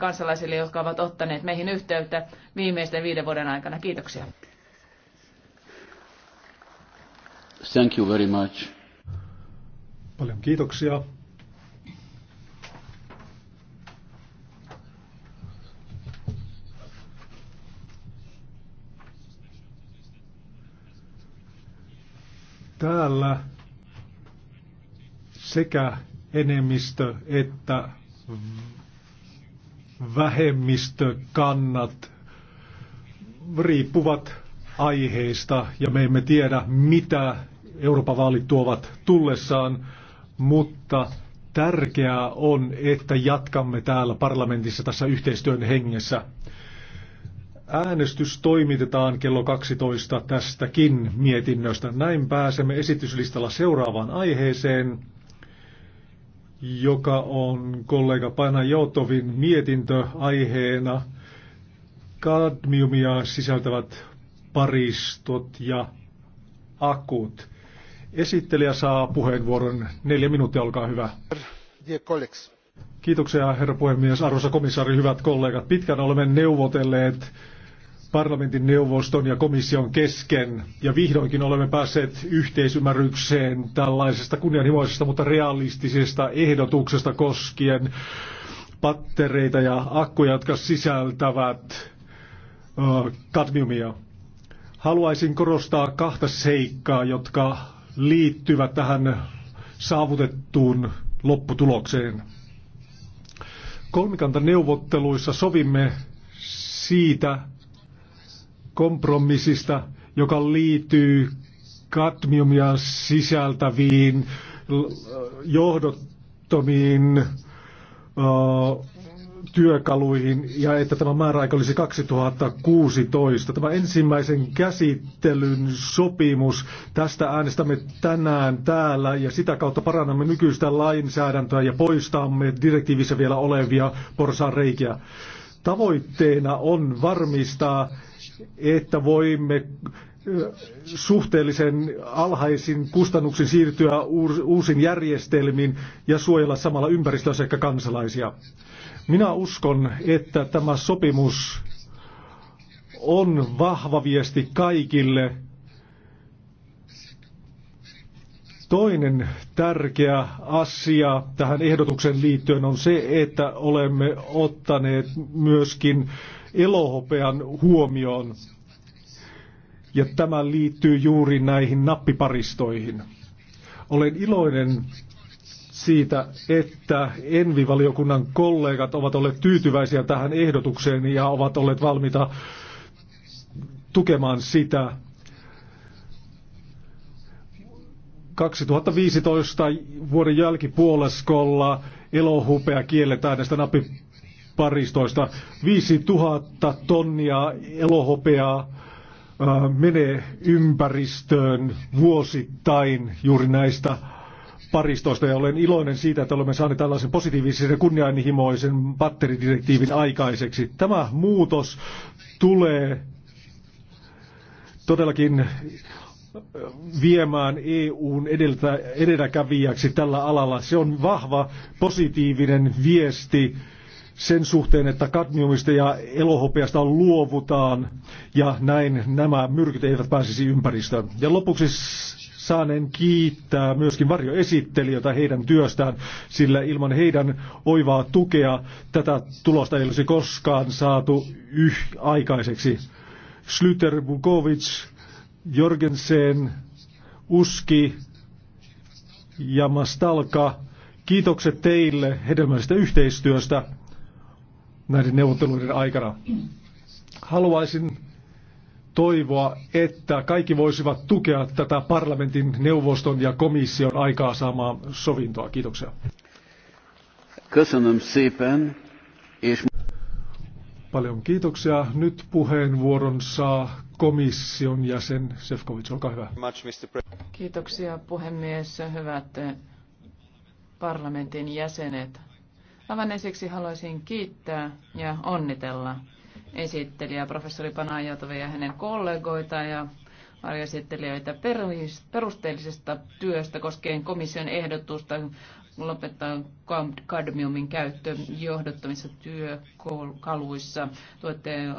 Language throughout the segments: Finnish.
kansalaisille, jotka ovat ottaneet meihin yhteyttä viimeisten viiden vuoden aikana. Kiitoksia. Thank you very much. Paljon kiitoksia. Täällä sekä enemmistö että vähemmistökannat riippuvat aiheista ja me emme tiedä, mitä Euroopan vaalit tuovat tullessaan, mutta tärkeää on, että jatkamme täällä parlamentissa tässä yhteistyön hengessä. Äänestys toimitetaan kello 12 tästäkin mietinnöstä. Näin pääsemme esityslistalla seuraavaan aiheeseen joka on kollega Paina Joutovin mietintö aiheena kadmiumia sisältävät paristot ja akut. Esittelijä saa puheenvuoron. Neljä minuuttia, olkaa hyvä. Kiitoksia, herra puhemies. Arvoisa komissaari, hyvät kollegat. Pitkään olemme neuvotelleet parlamentin neuvoston ja komission kesken. Ja vihdoinkin olemme päässeet yhteisymmärrykseen tällaisesta kunnianhimoisesta, mutta realistisesta ehdotuksesta koskien pattereita ja akkuja, jotka sisältävät ö, kadmiumia. Haluaisin korostaa kahta seikkaa, jotka liittyvät tähän saavutettuun lopputulokseen. Kolmikantaneuvotteluissa sovimme siitä, kompromissista, joka liittyy kadmiumia sisältäviin johdottomiin työkaluihin ja että tämä määräaika olisi 2016. Tämä ensimmäisen käsittelyn sopimus, tästä äänestämme tänään täällä ja sitä kautta parannamme nykyistä lainsäädäntöä ja poistamme direktiivissä vielä olevia reikiä. Tavoitteena on varmistaa, että voimme äh, suhteellisen alhaisin kustannuksin siirtyä uusin järjestelmiin ja suojella samalla ympäristöä sekä kansalaisia. Minä uskon, että tämä sopimus on vahva viesti kaikille. Toinen tärkeä asia tähän ehdotukseen liittyen on se, että olemme ottaneet myöskin äh, elohopean huomioon. Ja tämä liittyy juuri näihin nappiparistoihin. Olen iloinen siitä, että Envi-valiokunnan kollegat ovat olleet tyytyväisiä tähän ehdotukseen ja ovat olleet valmiita tukemaan sitä. 2015 vuoden jälkipuoliskolla elohupea kielletään näistä nappi paristoista. 5000 tonnia elohopeaa menee ympäristöön vuosittain juuri näistä paristoista ja olen iloinen siitä, että olemme saaneet tällaisen positiivisen ja kunnianhimoisen batteridirektiivin aikaiseksi. Tämä muutos tulee todellakin viemään EUn edeltä, edelläkävijäksi tällä alalla. Se on vahva positiivinen viesti sen suhteen, että kadmiumista ja elohopeasta luovutaan ja näin nämä myrkyt eivät pääsisi ympäristöön. Ja lopuksi saanen kiittää myöskin varjoesittelijöitä heidän työstään, sillä ilman heidän oivaa tukea tätä tulosta ei olisi koskaan saatu yh aikaiseksi. Slyter Bukovic, Jorgensen, Uski ja Mastalka, kiitokset teille hedelmällisestä yhteistyöstä näiden neuvotteluiden aikana. Haluaisin toivoa, että kaikki voisivat tukea tätä parlamentin, neuvoston ja komission aikaa saamaa sovintoa. Kiitoksia. Paljon kiitoksia. Nyt puheenvuoron saa komission jäsen Sefcovic, olkaa hyvä. Kiitoksia puhemies, hyvät eh, parlamentin jäsenet. Aivan ensiksi haluaisin kiittää ja onnitella esittelijä professori Panajatove ja hänen kollegoita ja varjoesittelijöitä perusteellisesta työstä koskien komission ehdotusta lopettaa kadmiumin käyttö johdottomissa työkaluissa. Tuotteen äh,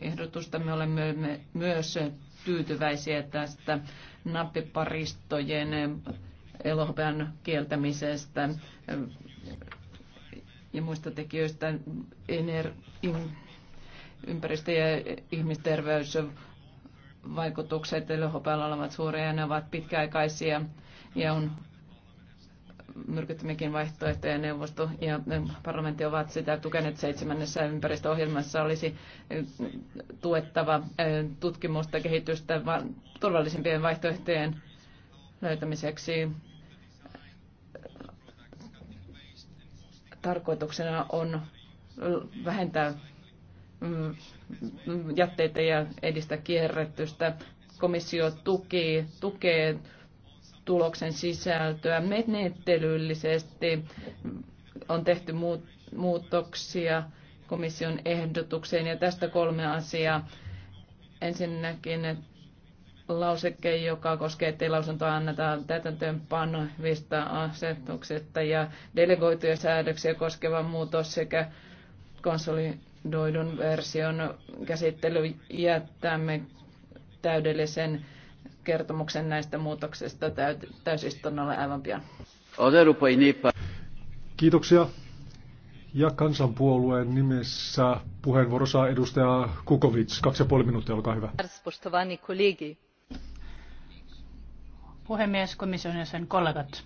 ehdotusta me olemme myös tyytyväisiä tästä nappiparistojen elohopean kieltämisestä ja muista tekijöistä, ener, ympäristö- ja ihmisterveysvaikutukset LHPllä olevat suuria ja ne ovat pitkäaikaisia ja on myrkyttömiäkin vaihtoehtoja neuvosto ja parlamentti ovat sitä tukeneet seitsemännessä ympäristöohjelmassa olisi eh, tuettava eh, tutkimusta kehitystä turvallisempien vaihtoehtojen löytämiseksi tarkoituksena on vähentää mm, jätteitä ja edistää kierrätystä. Komissio tuki, tukee tuloksen sisältöä. Menettelyllisesti on tehty muutoksia komission ehdotukseen ja tästä kolme asiaa. Ensinnäkin, että lauseke, joka koskee, ettei lausuntoa anneta täytäntöönpanovista asetuksesta ja delegoituja säädöksiä koskeva muutos sekä konsolidoidun version käsittely jättämme täydellisen kertomuksen näistä muutoksista täysistunnolle aivan pian. Kiitoksia. Ja kansanpuolueen nimessä puheenvuoro saa edustaja Kukovic. Kaksi ja puoli minuuttia, olkaa hyvä. Arvoisa puhemies, komission ja sen kollegat.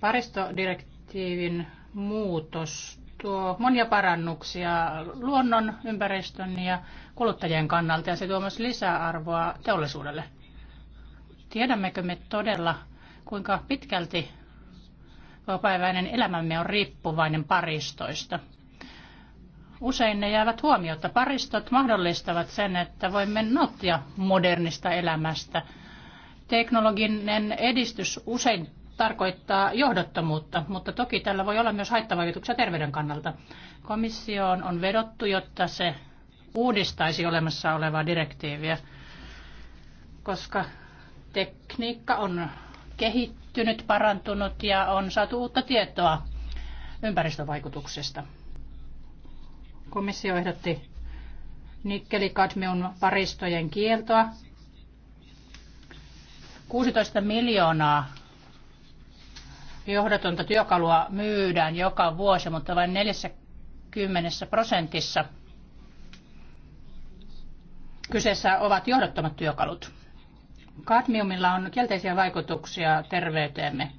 Paristodirektiivin muutos tuo monia parannuksia luonnon, ympäristön ja kuluttajien kannalta ja se tuo myös lisäarvoa teollisuudelle. Tiedämmekö me todella, kuinka pitkälti päiväinen elämämme on riippuvainen paristoista? Usein ne jäävät huomiota. Paristot mahdollistavat sen, että voimme nauttia modernista elämästä – Teknologinen edistys usein tarkoittaa johdottomuutta, mutta toki tällä voi olla myös haittavaikutuksia terveyden kannalta. Komissioon on vedottu, jotta se uudistaisi olemassa olevaa direktiiviä, koska tekniikka on kehittynyt, parantunut ja on saatu uutta tietoa ympäristövaikutuksesta. Komissio ehdotti nikkeli-kadmium paristojen kieltoa 16 miljoonaa johdatonta työkalua myydään joka vuosi, mutta vain 40 prosentissa kyseessä ovat johdattomat työkalut. Kadmiumilla on kielteisiä vaikutuksia terveyteemme.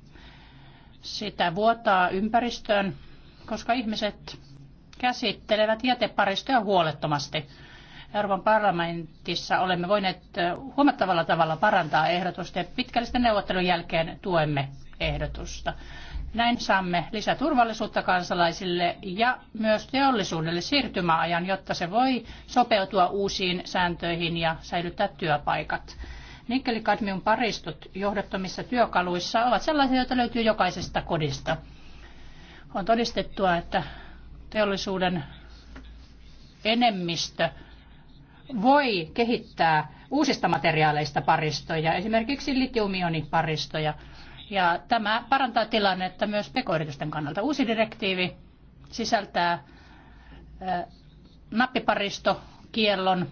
Sitä vuotaa ympäristöön, koska ihmiset käsittelevät jäteparistoja huolettomasti. Euroopan parlamentissa olemme voineet huomattavalla tavalla parantaa ehdotusta ja pitkällisten neuvottelun jälkeen tuemme ehdotusta. Näin saamme lisäturvallisuutta kansalaisille ja myös teollisuudelle siirtymäajan, jotta se voi sopeutua uusiin sääntöihin ja säilyttää työpaikat. Nikkelikadmium paristut johdattomissa työkaluissa ovat sellaisia, joita löytyy jokaisesta kodista. On todistettua, että teollisuuden enemmistö voi kehittää uusista materiaaleista paristoja, esimerkiksi litiumioniparistoja. Ja tämä parantaa tilannetta myös pekoyritysten kannalta. Uusi direktiivi sisältää nappiparistokiellon.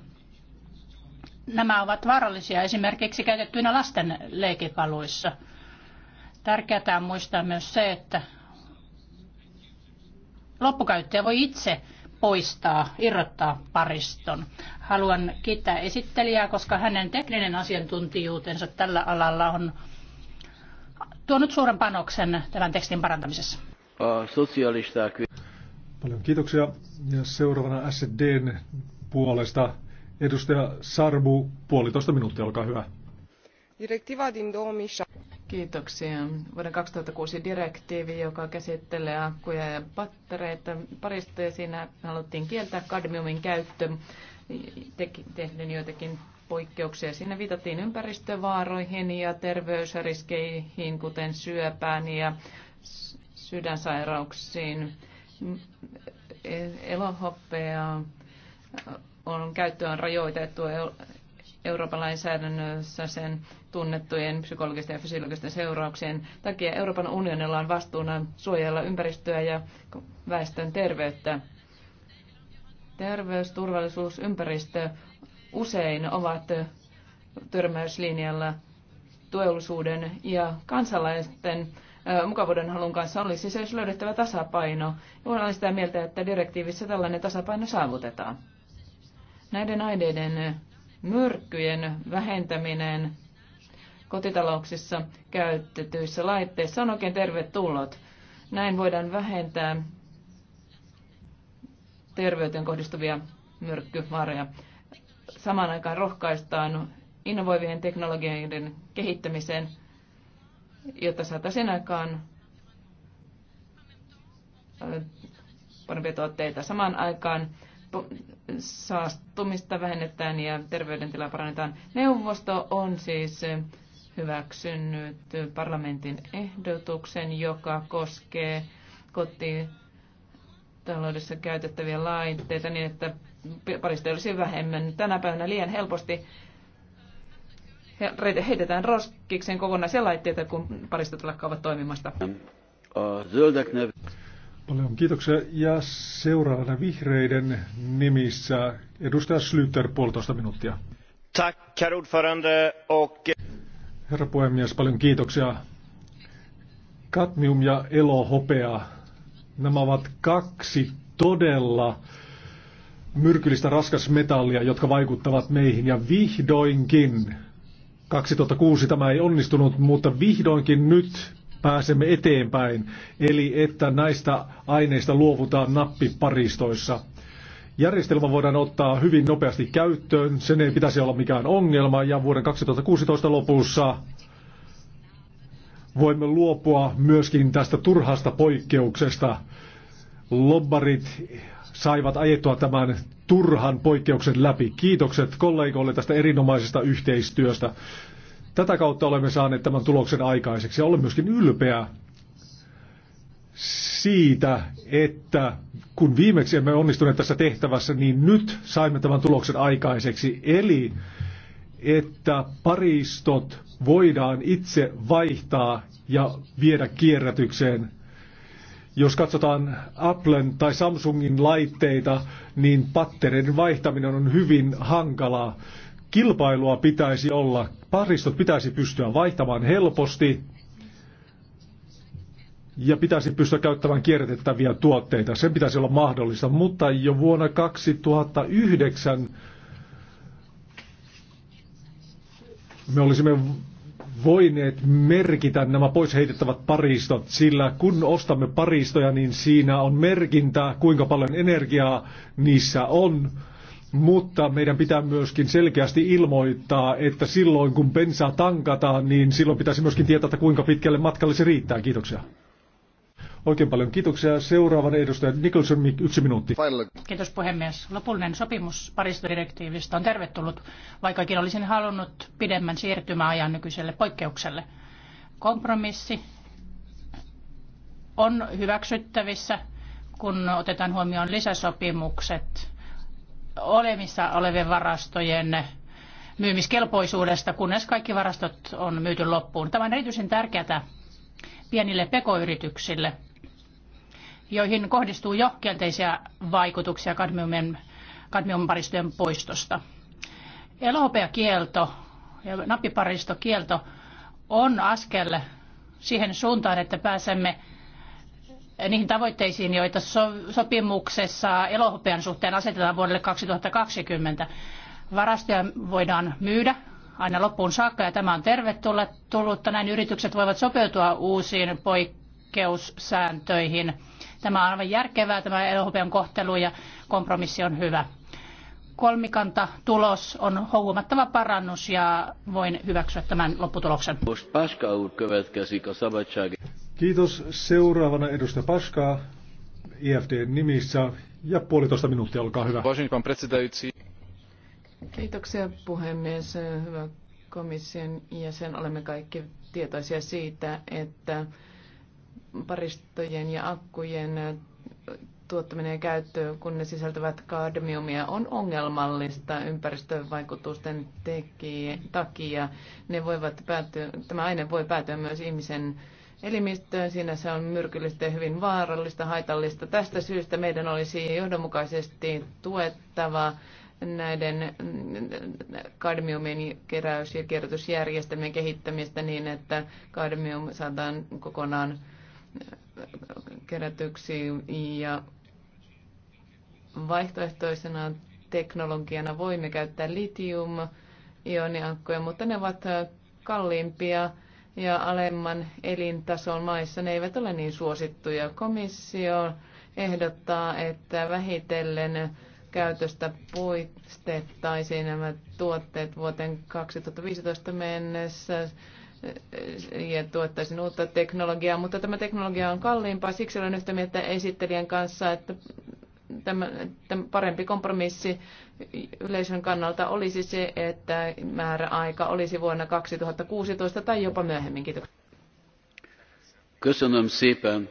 Nämä ovat vaarallisia esimerkiksi käytettyinä lasten leikipaluissa. Tärkeää on muistaa myös se, että loppukäyttäjä voi itse poistaa, irrottaa pariston. Haluan kiittää esittelijää, koska hänen tekninen asiantuntijuutensa tällä alalla on tuonut suuren panoksen tämän tekstin parantamisessa. Paljon kiitoksia. Ja seuraavana SDn puolesta edustaja Sarbu, puolitoista minuuttia, olkaa hyvä. Direktiiva din 2007. Kiitoksia. Vuoden 2006 direktiivi, joka käsittelee akkuja ja pattereita parista, ja siinä haluttiin kieltää kadmiumin käyttö, tehden joitakin poikkeuksia. Siinä viitattiin ympäristövaaroihin ja terveysriskeihin, kuten syöpään ja sydänsairauksiin. E- Elohoppea on käyttöön rajoitettu Euroopan lainsäädännössä sen tunnettujen psykologisten ja fysiologisten seurauksien takia Euroopan unionilla on vastuuna suojella ympäristöä ja väestön terveyttä. Terveys, turvallisuus, ympäristö usein ovat törmäyslinjalla teollisuuden ja kansalaisten mukavuuden halun kanssa olisi siis löydettävä tasapaino. Olen sitä mieltä, että direktiivissä tällainen tasapaino saavutetaan. Näiden aineiden myrkkyjen vähentäminen kotitalouksissa käytetyissä laitteissa on oikein tervetullut. Näin voidaan vähentää terveyteen kohdistuvia myrkkyvaaroja. Samaan aikaan rohkaistaan innovoivien teknologioiden kehittämiseen, jotta saataisiin aikaan äh, parempia tuotteita. Samaan aikaan saastumista vähennetään ja terveydentilaa parannetaan. Neuvosto on siis hyväksynyt parlamentin ehdotuksen, joka koskee kotitaloudessa käytettäviä laitteita niin, että parista olisi vähemmän. Tänä päivänä liian helposti heitetään roskikseen kokonaisia laitteita, kun paristot lakkaavat toimimasta. Uh, Paljon kiitoksia. Ja seuraavana vihreiden nimissä edustaja Slyter, puolitoista minuuttia. Tack, herr ordförande, och... Herra puhemies, paljon kiitoksia. Katmium ja elohopea, nämä ovat kaksi todella myrkyllistä raskasmetallia, jotka vaikuttavat meihin. Ja vihdoinkin, 2006 tämä ei onnistunut, mutta vihdoinkin nyt pääsemme eteenpäin, eli että näistä aineista luovutaan nappiparistoissa. Järjestelmä voidaan ottaa hyvin nopeasti käyttöön, sen ei pitäisi olla mikään ongelma, ja vuoden 2016 lopussa voimme luopua myöskin tästä turhasta poikkeuksesta. Lobbarit saivat ajettua tämän turhan poikkeuksen läpi. Kiitokset kollegoille tästä erinomaisesta yhteistyöstä. Tätä kautta olemme saaneet tämän tuloksen aikaiseksi ja olen myöskin ylpeä siitä, että kun viimeksi emme onnistuneet tässä tehtävässä, niin nyt saimme tämän tuloksen aikaiseksi. Eli että paristot voidaan itse vaihtaa ja viedä kierrätykseen. Jos katsotaan Applen tai Samsungin laitteita, niin pattereiden vaihtaminen on hyvin hankalaa. Kilpailua pitäisi olla. Paristot pitäisi pystyä vaihtamaan helposti ja pitäisi pystyä käyttämään kierrätettäviä tuotteita. Sen pitäisi olla mahdollista, mutta jo vuonna 2009 me olisimme voineet merkitä nämä pois heitettävät paristot, sillä kun ostamme paristoja, niin siinä on merkintä, kuinka paljon energiaa niissä on mutta meidän pitää myöskin selkeästi ilmoittaa, että silloin kun bensaa tankataan, niin silloin pitäisi myöskin tietää, että kuinka pitkälle matkalle se riittää. Kiitoksia. Oikein paljon kiitoksia. Seuraavan edustajan Nicholson, yksi minuutti. Kiitos puhemies. Lopullinen sopimus Pariisdirektiivistä on tervetullut, vaikkakin olisin halunnut pidemmän siirtymäajan nykyiselle poikkeukselle. Kompromissi on hyväksyttävissä, kun otetaan huomioon lisäsopimukset olemissa olevien varastojen myymiskelpoisuudesta, kunnes kaikki varastot on myyty loppuun. Tämä on erityisen tärkeää pienille pekoyrityksille, joihin kohdistuu jo kielteisiä vaikutuksia kadmiumin, kadmiumparistojen poistosta. Elohopeakielto ja nappiparistokielto on askel siihen suuntaan, että pääsemme niihin tavoitteisiin, joita sopimuksessa elohopean suhteen asetetaan vuodelle 2020. Varastoja voidaan myydä aina loppuun saakka ja tämä on tervetullutta. Näin yritykset voivat sopeutua uusiin poikkeussääntöihin. Tämä on aivan järkevää, tämä elohopean kohtelu ja kompromissi on hyvä. Kolmikanta tulos on huomattava parannus ja voin hyväksyä tämän lopputuloksen. Kiitos. Seuraavana edustaja Paskaa IFDn nimissä ja puolitoista minuuttia, olkaa hyvä. Kiitoksia puhemies. Hyvä komission jäsen. Olemme kaikki tietoisia siitä, että paristojen ja akkujen tuottaminen ja käyttö, kun ne sisältävät kadmiumia, on ongelmallista ympäristövaikutusten takia. Ne voivat päätyä, tämä aine voi päätyä myös ihmisen elimistöön. Siinä se on myrkyllistä ja hyvin vaarallista, haitallista. Tästä syystä meidän olisi johdonmukaisesti tuettava näiden kadmiumin keräys- ja kierrätysjärjestelmien kehittämistä niin, että kadmium saadaan kokonaan kerätyksi ja vaihtoehtoisena teknologiana voimme käyttää litium-ioniakkoja, mutta ne ovat kalliimpia ja alemman elintason maissa ne eivät ole niin suosittuja. Komissio ehdottaa, että vähitellen käytöstä poistettaisiin nämä tuotteet vuoteen 2015 mennessä ja tuottaisin uutta teknologiaa, mutta tämä teknologia on kalliimpaa. Siksi olen yhtä mieltä esittelijän kanssa, että tämä, tämä parempi kompromissi yleisön kannalta olisi se, että määräaika olisi vuonna 2016 tai jopa myöhemmin. Kiitoksia. Köszönöm szépen.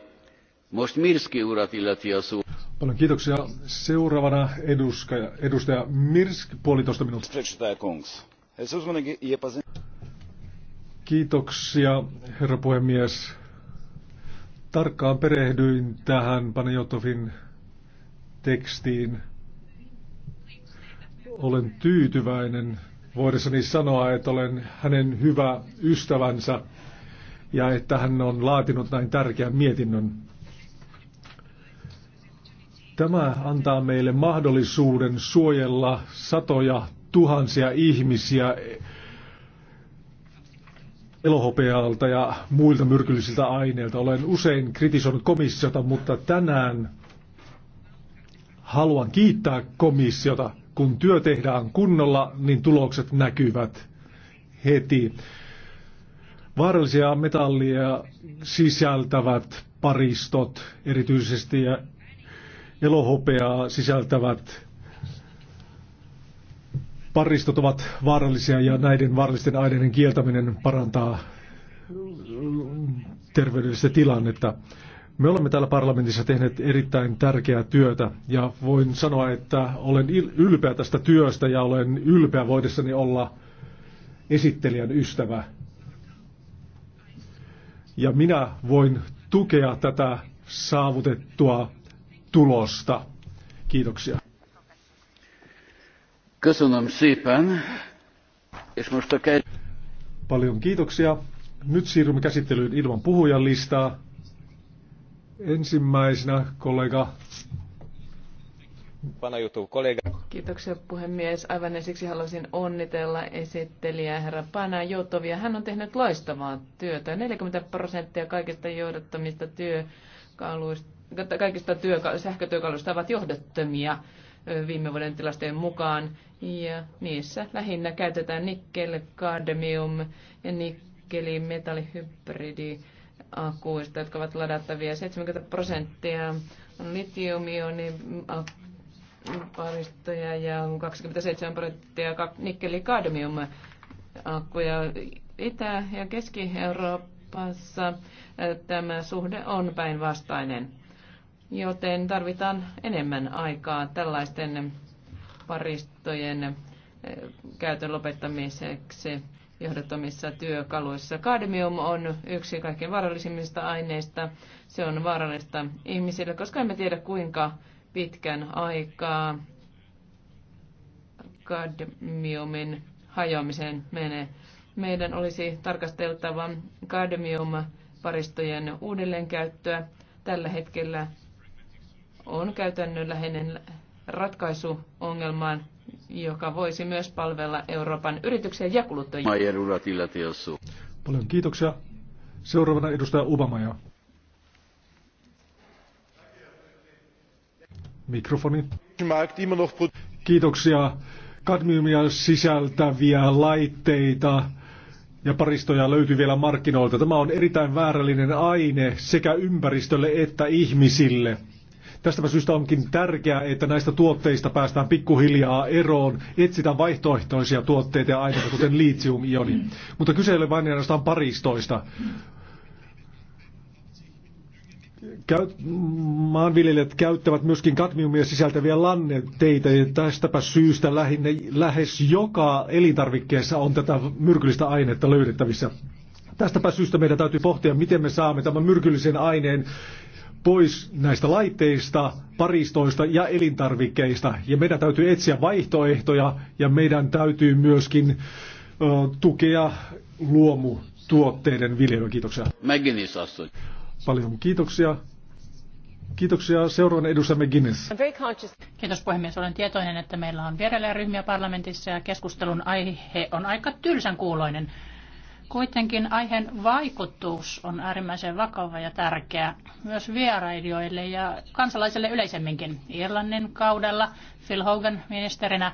Most Mirski urat illeti a szó. Paljon kiitoksia. Seuraavana edustaja, edustaja Mirski, puolitoista minuuttia. Kiitoksia, herra puhemies. Tarkkaan perehdyin tähän Panajotovin tekstiin. Olen tyytyväinen voidessani sanoa, että olen hänen hyvä ystävänsä ja että hän on laatinut näin tärkeän mietinnön. Tämä antaa meille mahdollisuuden suojella satoja tuhansia ihmisiä elohopealta ja muilta myrkyllisiltä aineilta. Olen usein kritisoinut komissiota, mutta tänään Haluan kiittää komissiota. Kun työ tehdään kunnolla, niin tulokset näkyvät heti. Vaarallisia metallia sisältävät paristot, erityisesti elohopeaa sisältävät paristot ovat vaarallisia ja näiden vaarallisten aineiden kieltäminen parantaa terveydellistä tilannetta. Me olemme täällä parlamentissa tehneet erittäin tärkeää työtä ja voin sanoa, että olen ylpeä tästä työstä ja olen ylpeä voidessani olla esittelijän ystävä. Ja minä voin tukea tätä saavutettua tulosta. Kiitoksia. Paljon kiitoksia. Nyt siirrymme käsittelyyn ilman puhujan listaa. Ensimmäisenä kollega kollega. Kiitoksia puhemies. Aivan ensiksi haluaisin onnitella esittelijää herra Pana Joutovia. Hän on tehnyt loistavaa työtä. 40 prosenttia kaikista johdattomista työkaluista, kaikista työka- sähkötyökaluista ovat johdottomia viime vuoden tilastojen mukaan. Ja niissä lähinnä käytetään nikkel, kadmium ja nikkeli, metallihybridi akuista, jotka ovat ladattavia. 70 prosenttia on litiumioni paristoja ja 27 prosenttia nikkeli kadmium akkuja Itä- ja Keski-Euroopassa tämä suhde on päinvastainen, joten tarvitaan enemmän aikaa tällaisten paristojen käytön lopettamiseksi johdattomissa työkaluissa. Kadmium on yksi kaikkein vaarallisimmista aineista. Se on vaarallista ihmisille, koska emme tiedä kuinka pitkän aikaa kadmiumin hajoamiseen menee. Meidän olisi tarkasteltava kadmiumparistojen uudelleenkäyttöä. Tällä hetkellä on käytännönläheinen ratkaisu ongelmaan joka voisi myös palvella Euroopan yrityksiä ja kuluttajia. Er Paljon kiitoksia. Seuraavana edustaja Ubamaja. Mikrofoni. Kiitoksia. Kadmiumia sisältäviä laitteita ja paristoja löytyy vielä markkinoilta. Tämä on erittäin väärällinen aine sekä ympäristölle että ihmisille. Tästä syystä onkin tärkeää, että näistä tuotteista päästään pikkuhiljaa eroon, etsitään vaihtoehtoisia tuotteita ja aineita, kuten litium-ioni. Mutta kyse ei ole vain ainoastaan paristoista. Käyt, maanviljelijät käyttävät myöskin kadmiumia sisältäviä lanneteitä ja tästäpä syystä lähinnä, lähes joka elintarvikkeessa on tätä myrkyllistä ainetta löydettävissä. Tästäpä syystä meidän täytyy pohtia, miten me saamme tämän myrkyllisen aineen pois näistä laitteista, paristoista ja elintarvikkeista. Ja meidän täytyy etsiä vaihtoehtoja ja meidän täytyy myöskin ö, tukea luomutuotteiden viljelyä. Kiitoksia. Paljon kiitoksia. Kiitoksia. Seuraavan edustamme Guinness. Kiitos puhemies. Olen tietoinen, että meillä on vierailijaryhmiä parlamentissa ja keskustelun aihe on aika tylsän kuuloinen. Kuitenkin aiheen vaikutus on äärimmäisen vakava ja tärkeä myös vierailijoille ja kansalaisille yleisemminkin. Irlannin kaudella Phil Hogan ministerinä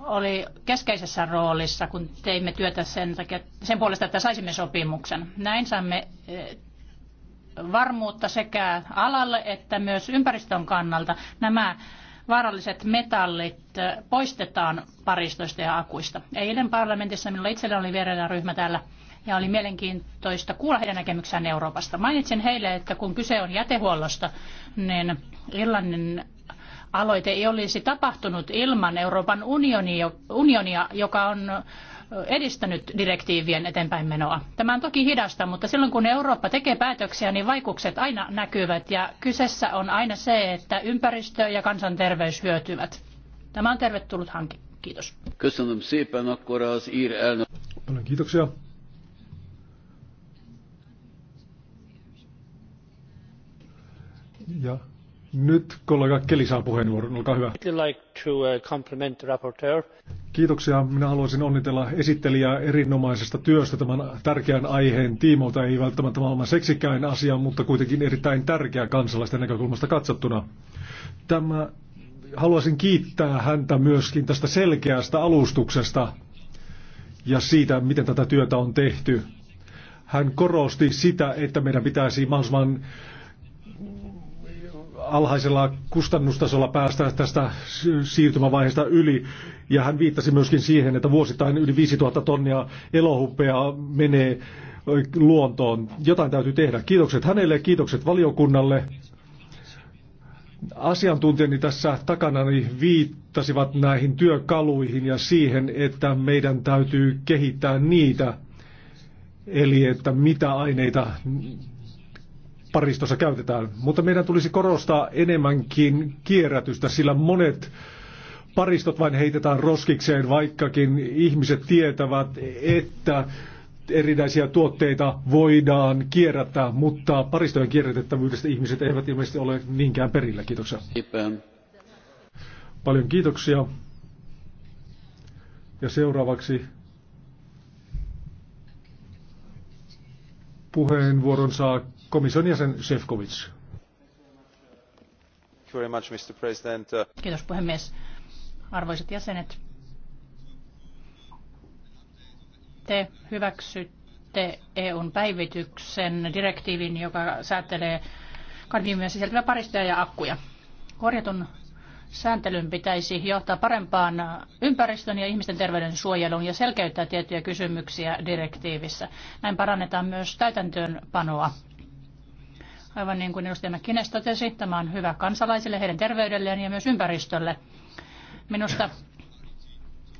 oli keskeisessä roolissa, kun teimme työtä sen, takia, sen puolesta, että saisimme sopimuksen. Näin saamme eh, varmuutta sekä alalle että myös ympäristön kannalta. Nämä vaaralliset metallit poistetaan paristoista ja akuista. Eilen parlamentissa minulla itsellä oli vierailla ryhmä täällä ja oli mielenkiintoista kuulla heidän näkemyksään Euroopasta. Mainitsin heille, että kun kyse on jätehuollosta, niin Irlannin aloite ei olisi tapahtunut ilman Euroopan unionia, joka on edistänyt direktiivien eteenpäinmenoa. Tämä on toki hidasta, mutta silloin kun Eurooppa tekee päätöksiä, niin vaikutukset aina näkyvät ja kyseessä on aina se, että ympäristö ja kansanterveys hyötyvät. Tämä on tervetullut hanke. Kiitos. Paljon kiitoksia. Ja nyt kollega Keli saa puheenvuoron, olkaa hyvä. Uh, Kiitoksia. Minä haluaisin onnitella esittelijää erinomaisesta työstä tämän tärkeän aiheen tiimoilta. Ei välttämättä maailman seksikäin asia, mutta kuitenkin erittäin tärkeä kansalaisten näkökulmasta katsottuna. Tämä, haluaisin kiittää häntä myöskin tästä selkeästä alustuksesta ja siitä, miten tätä työtä on tehty. Hän korosti sitä, että meidän pitäisi mahdollisimman alhaisella kustannustasolla päästään tästä siirtymävaiheesta yli. Ja hän viittasi myöskin siihen, että vuosittain yli 5000 tonnia elohuppea menee luontoon. Jotain täytyy tehdä. Kiitokset hänelle ja kiitokset valiokunnalle. Asiantuntijani tässä takana viittasivat näihin työkaluihin ja siihen, että meidän täytyy kehittää niitä. Eli että mitä aineita paristossa käytetään. Mutta meidän tulisi korostaa enemmänkin kierrätystä, sillä monet paristot vain heitetään roskikseen, vaikkakin ihmiset tietävät, että erinäisiä tuotteita voidaan kierrättää, mutta paristojen kierrätettävyydestä ihmiset eivät ilmeisesti ole niinkään perillä. Kiitoksia. Paljon kiitoksia. Ja seuraavaksi puheenvuoron saa komission jäsen Shevkovic. Kiitos puhemies. Arvoisat jäsenet, te hyväksytte EUn päivityksen direktiivin, joka säätelee kadmiumia sisältäviä paristoja ja akkuja. Korjatun sääntelyn pitäisi johtaa parempaan ympäristön ja ihmisten terveyden suojeluun ja selkeyttää tiettyjä kysymyksiä direktiivissä. Näin parannetaan myös täytäntöönpanoa Aivan niin kuin edustaja Mäkkinen totesi, tämä on hyvä kansalaisille, heidän terveydelleen ja myös ympäristölle. Minusta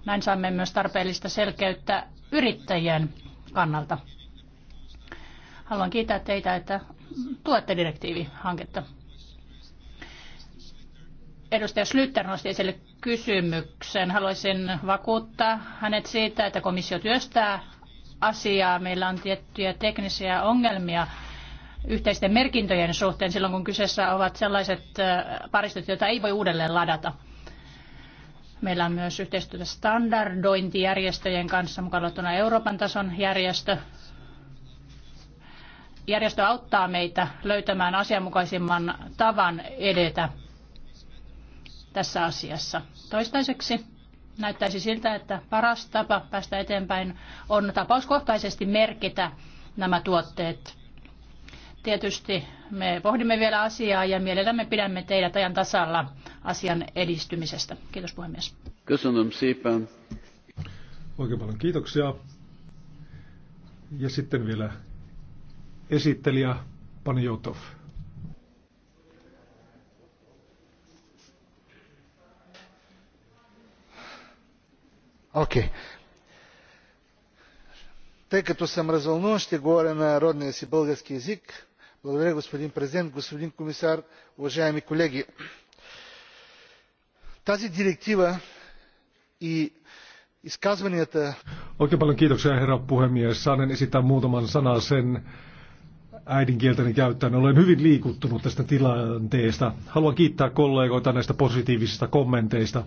näin saamme myös tarpeellista selkeyttä yrittäjien kannalta. Haluan kiittää teitä, että tuette direktiivihanketta. Edustaja Slytter nosti esille kysymyksen. Haluaisin vakuuttaa hänet siitä, että komissio työstää asiaa. Meillä on tiettyjä teknisiä ongelmia yhteisten merkintöjen suhteen silloin, kun kyseessä ovat sellaiset paristot, joita ei voi uudelleen ladata. Meillä on myös yhteistyötä standardointijärjestöjen kanssa, mukaan Euroopan tason järjestö. Järjestö auttaa meitä löytämään asianmukaisimman tavan edetä tässä asiassa. Toistaiseksi näyttäisi siltä, että paras tapa päästä eteenpäin on tapauskohtaisesti merkitä nämä tuotteet Tietysti me pohdimme vielä asiaa ja mielellämme pidämme teidät ajan tasalla asian edistymisestä. Kiitos puhemies. Oikein paljon kiitoksia. Ja sitten vielä esittelijä Panjotov. Okei. Okay. Тъй että съм развълнуван, ще говоря на родния си български язик благодаря господин президент господин комисар уважаеми колеги! тази директива и изказванията Oikein paljon kiitoksia, herra puhemies. Saanen esittää muutaman sanan sen äidinkieltäni käyttäen. Olen hyvin liikuttunut tästä tilanteesta. Haluan kiittää kollegoita näistä positiivisista kommenteista.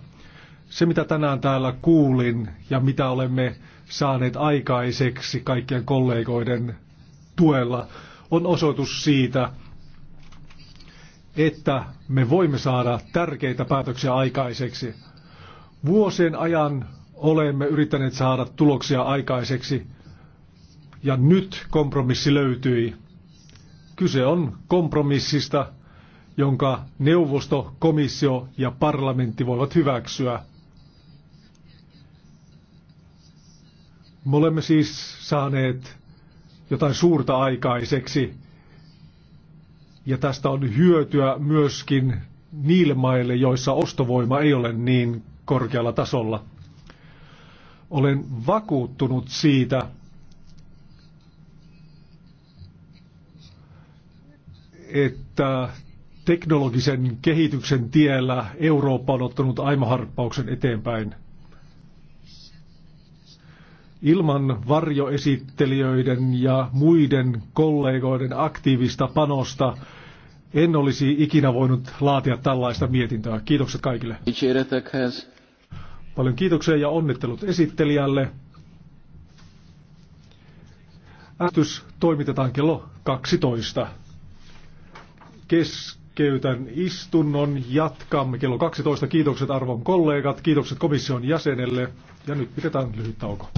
Se, mitä tänään täällä kuulin ja mitä olemme saaneet aikaiseksi kaikkien kollegoiden tuella, on osoitus siitä, että me voimme saada tärkeitä päätöksiä aikaiseksi. Vuosien ajan olemme yrittäneet saada tuloksia aikaiseksi ja nyt kompromissi löytyi. Kyse on kompromissista, jonka neuvosto, komissio ja parlamentti voivat hyväksyä. Me olemme siis saaneet jotain suurta aikaiseksi. Ja tästä on hyötyä myöskin niille maille, joissa ostovoima ei ole niin korkealla tasolla. Olen vakuuttunut siitä, että teknologisen kehityksen tiellä Eurooppa on ottanut aimaharppauksen eteenpäin. Ilman varjoesittelijöiden ja muiden kollegoiden aktiivista panosta en olisi ikinä voinut laatia tällaista mietintöä. Kiitokset kaikille. Paljon kiitoksia ja onnittelut esittelijälle. Äänestys toimitetaan kello 12. Keskeytän istunnon. Jatkamme kello 12. Kiitokset arvon kollegat, kiitokset komission jäsenelle ja nyt pidetään lyhyt tauko.